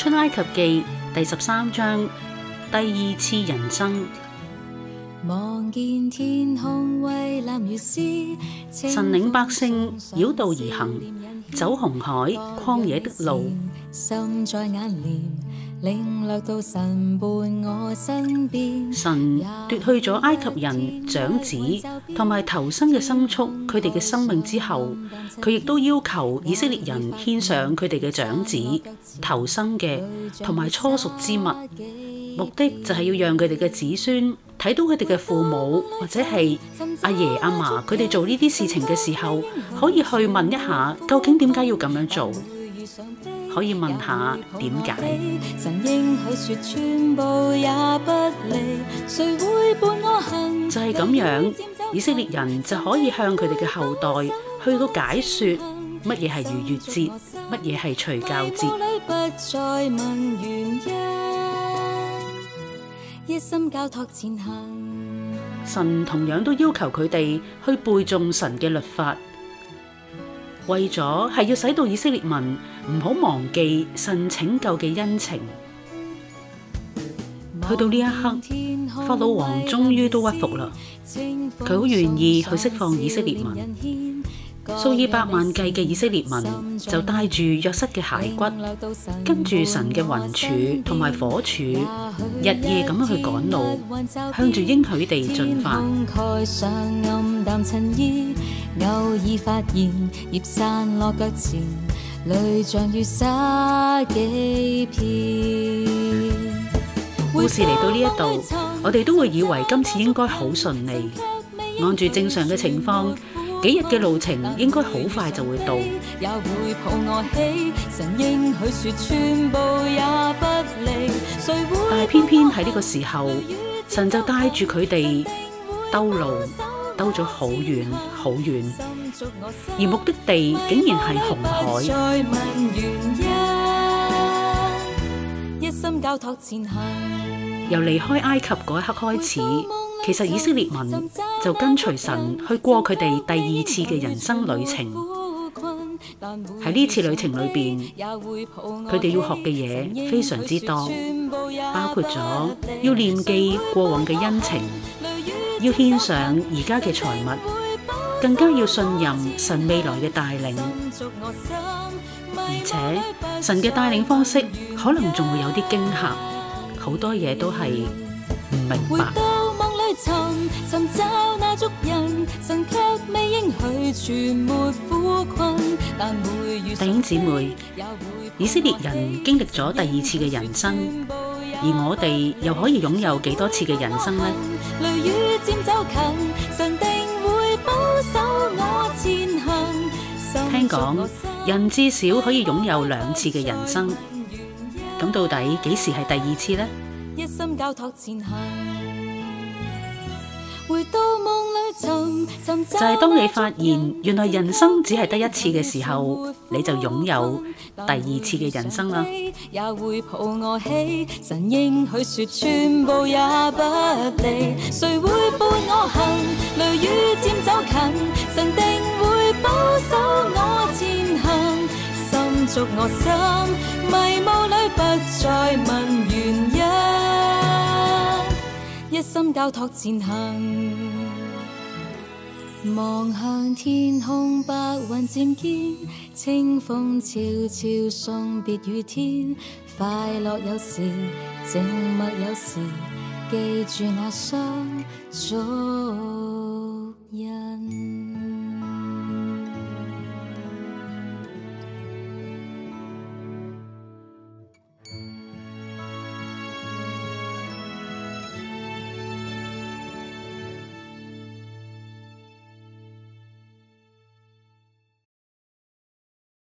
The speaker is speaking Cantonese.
《出埃及記》第十三章，第二次人生。神領百姓繞道而行，走紅海曠野的路。神奪去咗埃及人長子同埋頭生嘅牲畜，佢哋嘅生命之後，佢亦都要求以色列人獻上佢哋嘅長子、頭生嘅同埋初熟之物，目的就係要讓佢哋嘅子孫睇到佢哋嘅父母或者係阿爺阿嫲，佢哋做呢啲事情嘅時候，可以去問一下究竟點解要咁樣做。可以問下點解？神應許說全部也不離誰會伴我行？就係咁樣，以色列人就可以向佢哋嘅後代去到解說乜嘢係逾越節，乜嘢係除酵節。神同樣都要求佢哋去背誦神嘅律法。為咗係要使到以色列民唔好忘記神拯救嘅恩情，去到呢一刻，法老王終於都屈服啦，佢好願意去釋放以色列民。數以百萬計嘅以色列民中就帶住約瑟嘅骸骨，跟住神嘅雲柱同埋火柱，日夜咁樣去趕路，向住應許地進發。故事嚟到呢一度，我哋都會以為今次應該好順利，按住正常嘅情況。幾日嘅路程應該好快就會到，但係偏偏喺呢個時候，神就帶住佢哋兜路，兜咗好遠好遠，而目的地竟然係紅海。一心交託前行。由離開埃及嗰一刻開始，其實以色列民就跟隨神去過佢哋第二次嘅人生旅程。喺呢次旅程裏邊，佢哋要學嘅嘢非常之多，包括咗要念記過往嘅恩情，要獻上而家嘅財物，更加要信任神未來嘅帶領。而且神嘅帶領方式可能仲會有啲驚嚇。好多嘢都係唔明白。弟兄姊妹，以色列人經歷咗第二次嘅人生，而我哋又可以擁有幾多次嘅人生呢？聽講說人至少可以擁有兩次嘅人生。咁到底幾時係第二次呢？一心交託前行，回到夢裏尋，就係當你發現原來人生只係得一次嘅時候，你就擁有第二次嘅人生啦。也會抱我起，神應許說全部也不離。誰會伴我行？雷雨漸走近，神定會保守我前行，心足我心。再問原因，一心交託前行。望向天空，白雲漸見，清風悄悄送別雨天。快樂有時，靜默有時，記住那雙足印。